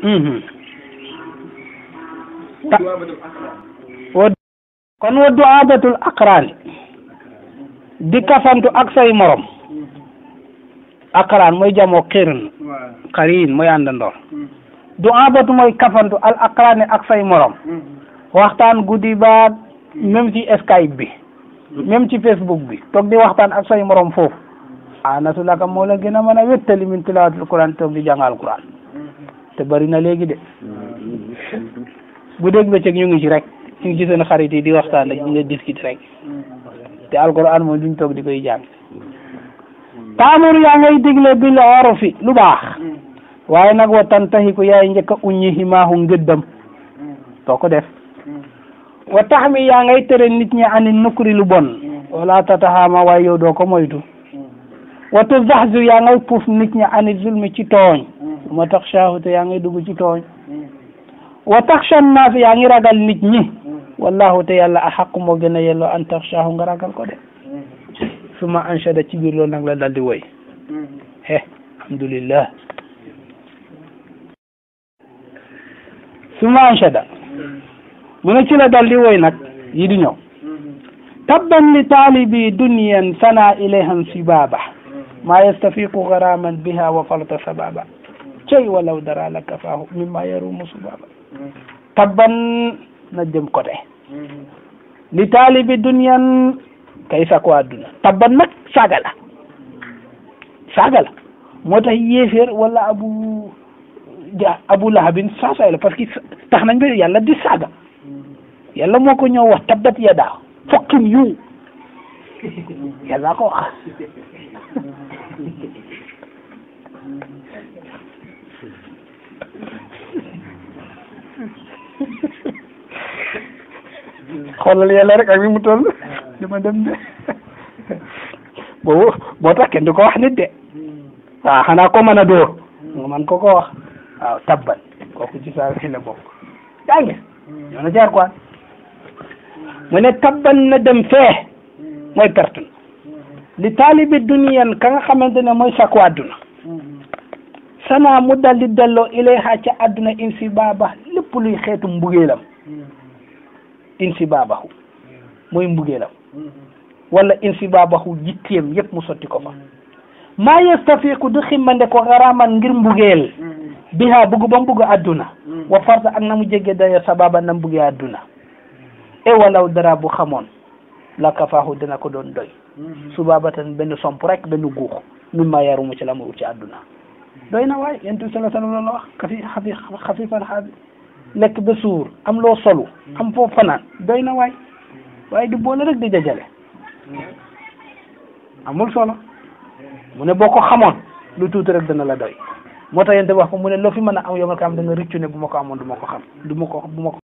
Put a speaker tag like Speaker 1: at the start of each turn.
Speaker 1: Mhm. kon wa du'aabatul aqraani di kafantu ak say morom aqraan mooy jamoo xirin xariin mooy àndandoor du'aabatu mooy kafantu al aqraani ak say morom waxtaan guddi baag même ci Skype bi même ci Facebook bi toog di waxtaan ak say morom foofu anatu laka moo la gën a man a wettali min tilaawatul Qur'aan toog di jàng al Qur'aan te bari na léegi de bu dégg bëccëg ñu ngi ci rek ñu ngi ci seen xarit yi di waxtaan ak di nga discuter rek te alquran moom duñ toog di koy jàng taamur yaa ngay digle bil urfi lu baax waaye nag wa tantahiku yaay njëkk a uññi himaahu ngëddam doo ko def wa tax mi yaa ngay tere nit ñi ani nukri lu bon wala tataxaama waaye yow doo ko moytu wa tuzahzu yaa ngay puuf nit ñi ani zulmi ci tooñ ma tax shaahu te yaa ngi dugg ci tooñ wa tax shan naas yaa ngi ragal nit ñi wallahu te yàlla a xaq moo gën a yelloo an tax shaahu nga ragal ko de su ma anshada ci biir loolu nag la daldi woy he alhamdulillah su ma anshada mu ne ci la daldi woy nag yi di ñëw li taalibi duniyan sana ilayhan sibaba ma yastafiqu garaman biha wa falata sababa cey wala dara la kafaahu mimma yarumu subaba tabban na jëm côté li taalibi dunyan kay sako adduna tabban nag saaga la saaga la moo tax yéeféer wala abu ja abu lahabin saasaay la parce que tax nañ ba yàlla di saaga yàlla moo ko ñëw wax tabbat yadaa fokkin yu yàlla ko xoolal yàlla rek ak bi mu toll dem de boobu boo tax ko wax nit de waaw xanaa ko mën a dóor nga man ko ko wax waaw tabban kooku ci saa fi la bokk na jaar quoi mu ne tabban na dem fee mooy perte li taalibi duniyan ka nga xamante ne mooy sakku àdduna sanaa mu daldi delloo ilayha ca àdduna insi baaba lépp luy xeetu mbugeelam insi baabahu mooy mbugeelam wala insi baabahu jittiyam yépp mu sotti ko fa maa yastafiqu du ximmande ko xaraaman ngir mbugeel biha bugg ba mbugg àdduna wa farta ak na mu jege daya sababa na mbugge àdduna e walaw dara bu xamoon la kafaahu dina ko doon doy su baabatan benn somp rek benn guux min ma yarumu ci la mu ci àdduna doy na waay yonent bi sallallahu alayhi wa sallam loolu la wax xafi xafi xafifan xaabi lekk ba suur am loo solo am foofu fanaan doy na waay waaye di boole rek di jajale amul solo mu ne boo ko xamoon lu tuuti rek dana la doy moo tax yonent bi wax ko mu ne loo fi mën a am yomal kaam da nga rëccu ne bu ma ko amoon du ma ko xam du ma ko bu ma ko